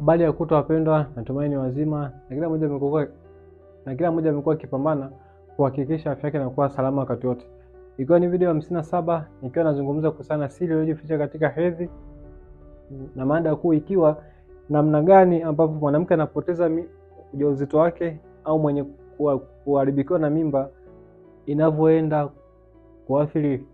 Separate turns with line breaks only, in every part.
Habari ya kutwa wapendwa, natumaini wazima na kila mmoja amekuwa na kila mmoja amekuwa akipambana kuhakikisha afya yake inakuwa salama wakati wote. Ikiwa ni video hamsini na saba nikiwa nazungumza kuhusiana na siri iliyojificha katika hedhi na mada kuu ikiwa namna gani ambapo mwanamke anapoteza ujauzito wake au mwenye kuharibikiwa na mimba inavyoenda kuathiri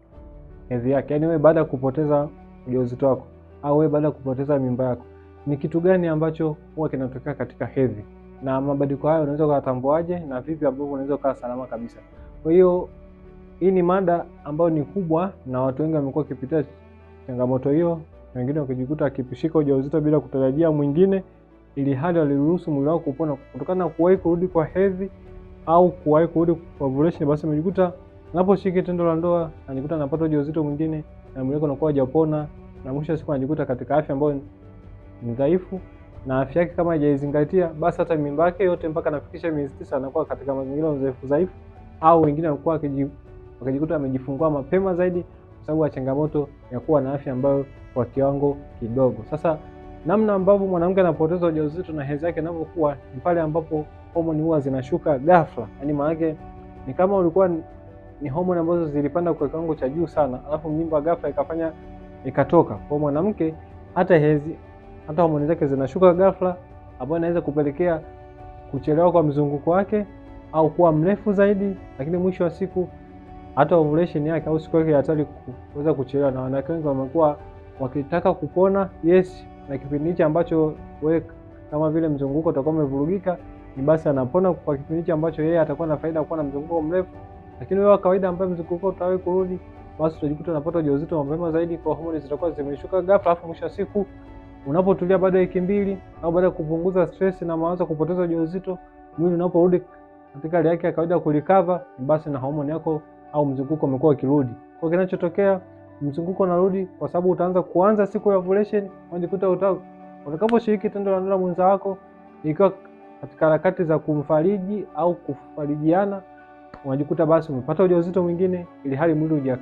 hedhi yake, yaani wewe baada ya kupoteza ujauzito wako au wewe baada ya kupoteza mimba yako ni kitu gani ambacho huwa kinatokea katika hedhi na mabadiliko hayo unaweza ukatambuaje na vipi ambavyo unaweza ukawa salama kabisa. Kwa hiyo hii ni mada ambayo ni kubwa na watu wengi wamekuwa wakipitia changamoto hiyo, wengine wakijikuta wakipishika ujauzito bila kutarajia mwingine, ili hali waliruhusu mwili wao kupona kutokana na kuwahi kurudi kwa hedhi au kuwahi kurudi kwa ovulation. Basi amejikuta anaposhiriki tendo la ndoa anajikuta anapata ujauzito mwingine na mwili wake unakuwa hajapona, na mwisho wa siku anajikuta katika afya ambayo ni dhaifu na afya yake kama haijazingatia, basi hata mimba yake yote mpaka anafikisha miezi tisa anakuwa katika mazingira mzaifu dhaifu, au wengine wanakuwa wakijikuta amejifungua mapema zaidi kwa sababu ya changamoto ya kuwa na afya ambayo kwa kiwango kidogo. Sasa namna ambavyo mwanamke anapoteza ujauzito na hedhi yake inavyokuwa ni pale ambapo homoni huwa zinashuka ghafla, yaani maanake ni kama ulikuwa ni homoni ambazo zilipanda kwa kiwango cha juu sana, alafu mimba ghafla ikafanya ikatoka kwa mwanamke hata hedhi hata homoni zake zinashuka ghafla, ambayo inaweza kupelekea kuchelewa kwa mzunguko wake au kuwa mrefu zaidi, lakini mwisho wa siku hata ovulation yake au siku yake ya hatari kuweza kuchelewa. Na wanawake wengi wamekuwa wakitaka kupona yes, na kipindi hichi ambacho we kama vile mzunguko utakuwa umevurugika, ni basi anapona kwa kipindi hichi ambacho yeye atakuwa na faida kuwa na mzunguko mrefu, lakini wewe wa kawaida ambaye mzunguko utawahi kurudi, basi utajikuta unapata ujauzito mapema zaidi, kwa homoni zitakuwa zimeshuka ghafla, alafu mwisho wa siku Unapotulia baada ya wiki mbili au baada ya kupunguza stress na mawazo ya kupoteza ujauzito, mwili unaporudi katika hali yake ya kawaida kulikava, basi na homoni yako au mzunguko umekuwa ukirudi. Kwa kinachotokea mzunguko unarudi, kwa sababu utaanza kuanza siku ya ovulation, unajikuta utao utakaposhiriki tendo la ndoa mwenza wako ikiwa katika harakati za kumfariji au kufarijiana, unajikuta basi umepata ujauzito mwingine, ili hali mwili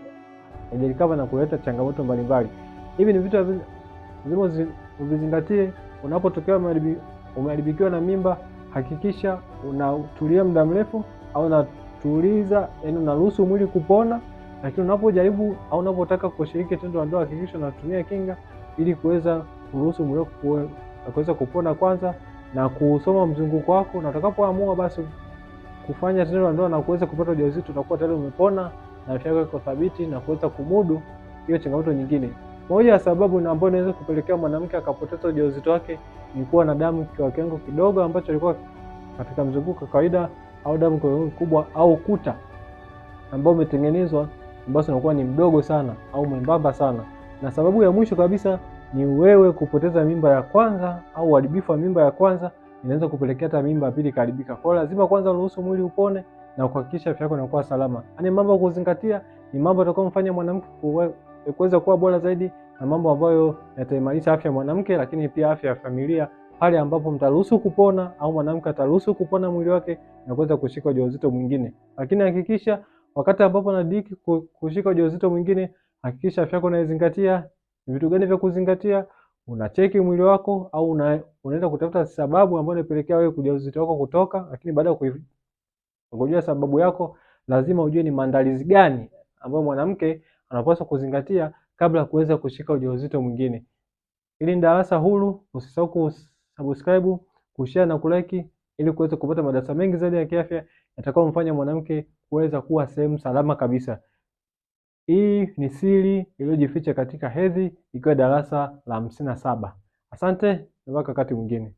hujalikava na kuleta changamoto mbalimbali. Hivi ni vitu vimo uvizingatie. Unapotokea umeharibikiwa na mimba, hakikisha unatulia muda mrefu au unatuliza, yaani unaruhusu mwili kupona, lakini unapojaribu au unapotaka kushiriki tendo la ndoa, hakikisha unatumia kinga ili kuweza kuruhusu mwili kuweza kupona kwanza na kusoma mzunguko wako, na utakapoamua basi kufanya tendo la ndoa na kuweza kupata ujauzito, utakuwa tayari umepona na afya yako iko thabiti na kuweza kumudu hiyo changamoto nyingine. Moja ya sababu na ambayo inaweza kupelekea mwanamke akapoteza ujauzito wake ni kuwa na damu kwa kiwango kidogo ambacho alikuwa katika mzunguko kawaida, au damu kwa kiwango kikubwa, au kuta ambao umetengenezwa ambazo unakuwa ni mdogo sana au mwembamba sana. Na sababu ya mwisho kabisa ni wewe kupoteza mimba ya kwanza au uharibifu wa mimba ya kwanza, inaweza kupelekea hata mimba ya pili kuharibika. Kwa hiyo lazima kwanza uruhusu mwili upone na kuhakikisha afya yako inakuwa salama. Yaani mambo ya kuzingatia ni mambo yatakayomfanya mwanamke kuweza kuwa bora zaidi na mambo ambayo yataimarisha afya ya mwanamke, lakini pia afya ya familia pale ambapo mtaruhusu kupona au mwanamke ataruhusu kupona mwili wake na kuweza kushika ujauzito mwingine. Lakini hakikisha wakati ambapo nadiriki kushika ujauzito mwingine, hakikisha afya yako unaizingatia. Vitu gani vya kuzingatia? Unacheki mwili wako au una, unaenda kutafuta sababu ambayo inapelekea wewe ujauzito wako kutoka, lakini baada ya kujua sababu yako lazima ujue ni maandalizi gani ambayo mwanamke unapaswa kuzingatia kabla ya kuweza kushika ujauzito mwingine. Ili ni darasa huru, usisahau kusubscribe, kushare na kulike ili kuweza kupata madarasa mengi zaidi ya kiafya yatakayomfanya mwanamke kuweza kuwa sehemu salama kabisa. Hii ni siri iliyojificha katika hedhi, ikiwa darasa la hamsini na saba. Asante mpaka wakati mwingine.